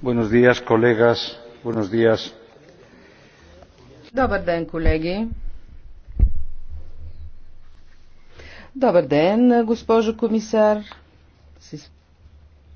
Buenos días, colegas. Buenos días. Добър ден, колеги. Добър ден, госпожо комисар. С